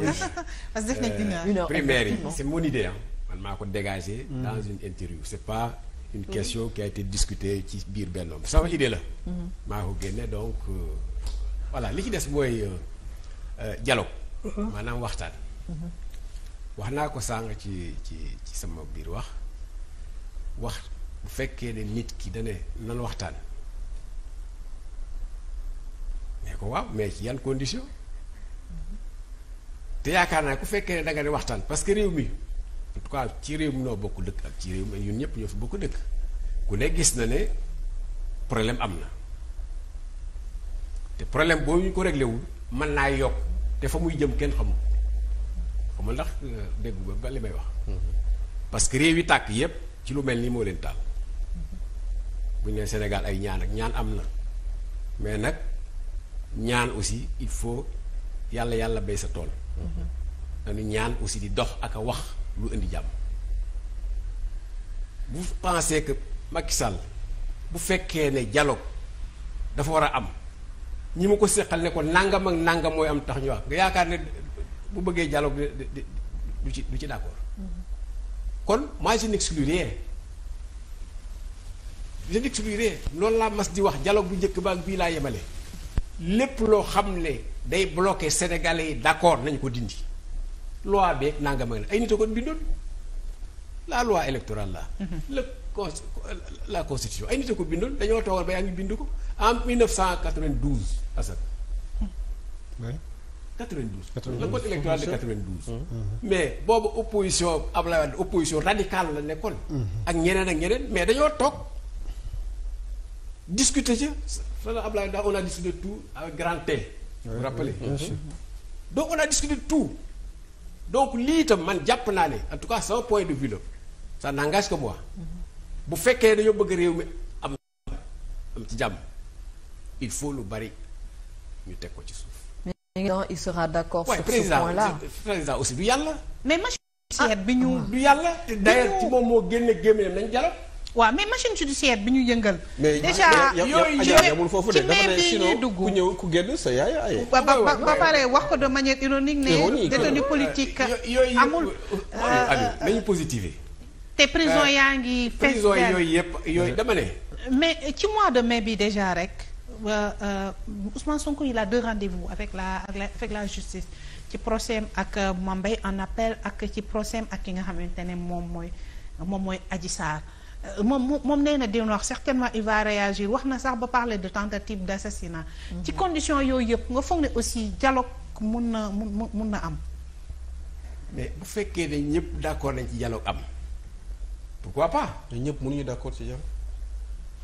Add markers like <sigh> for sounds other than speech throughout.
<laughs> parce que def nañ euh, une heure primaire yi c'est mon idée ah man maa ko dégagé. dans mm-hmm. une interview c'est pas une question qui a été discutée ci biir benn sama idée la. Mm-hmm. maa ko génne donc euh, voilà li ci des mooy euh, dialogue. Mm-hmm. maanaam waxtaan. wax naa ko sàng ci ci sama biir wax wax bu fekkee nit ki dane nan waxtaan mais ko waaw mais ci yan condition te yaakaar naa ku fekkee ne da waxtaan parce que réew mi en tout cas ci réew mi noo bokk dëkk ak ci réew mi ñun ñëpp ñoo fi bokk dëkk ku ne gis na ne problème am na te problème boobu ñu ko réglé man mën naa yokk te fa muy jëm kenn xamul xamul ndax euh, dégg ba ba li may wax. parce que réew yi tàkk yépp ci lu mel nii moo leen taal bu ñu nee Sénégal ay ñaan ak ñaan am na mais nag ñaan aussi il faut yàlla yàlla bay sa tool. nañu ñaan aussi di dox ak wax lu indi jàmm bu pensé que Macky Sall bu fekkee ne dialogue dafa war a am ñi ma ko seqal ne ko nangam ak nangam mooy am tax ñu wax nga yaakaar ne bu bëggee dialogue du ci du ci d'accord mm-hmm. kon moi je n'exclus rien je n'exclus rien loolu laa mas di wax dialogue bu njëkk ba ak bii laa yemale lépp loo xam ne day bloqué sénégalais yi d'accord nañ ko dindi loi beeg nanga mag ay nit a ko bindoon la loi électorale la mhm. la constitution ay nit a ko bindoon dañoo toogal a ngi bind ko en 1992 Assane. oui 92. 92 le code électoral de mhm. Mhm. mais boobu opposition Abdoulaye Wade opposition radicale la nekkoon. ak ñeneen ak ñeneen mais dañoo toog. discuter ci fana Ablaye daa on a discuté de tout avec grand T. vous vous on a discuté de tout donc lii itam man jàpp naa ne en tout cas sama point de vue sa ça ko que moi bu fekkee dañoo bëgg réew mi am am ci jàmm il faut lu bari ñu teg ko ci suuf. mais il sera d'accord sur ce point là président aussi du yàlla. mais machine bi ñu. du yàlla ah, d'ailleurs ci moom moo génne gémmiñam nañ jàll. waaw mais machine judiciaire bi ñu yëngal. déjà yooyu yëpp ci mais bii ñuy dugg ku ñëw ku génn sa yaay ay ba ba pare wax ko de manière ironique ne détenu politique amul. Euh, nañu positiver. te prison euh, yaa ngi. fes prison yooyu yëpp yooyu dama mais ci mois de mais bi déjà rek euh, Ousmane Sonko il a deux rendez-vous avec la avec la justice ci procès ak Mambay en appel ak ci procès ak ki nga xamante ne moom mooy moom mooy Adji Sarr. Euh, moom moom nee na wax certainement il va wax na sax ba parler de tentative d'assassinat mhm. ci condition yooyu yëpp nga foog ne aussi dialogue mun na mun mun na am mais bu fekkee ne ñëpp d'accord nañ ci dialogue am pourquoi pas ñun ñëpp mënuñu d'accord ci dialogue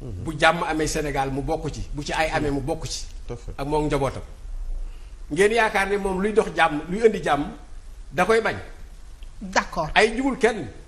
bu jàmm amee Sénégal mu bokk ci bu ci ay amee mu bokk ci. ak moom njabootam. ngeen yaakaar ni moom luy dox jàmm luy indi jàmm da koy bañ. d'accord ay jugul kenn.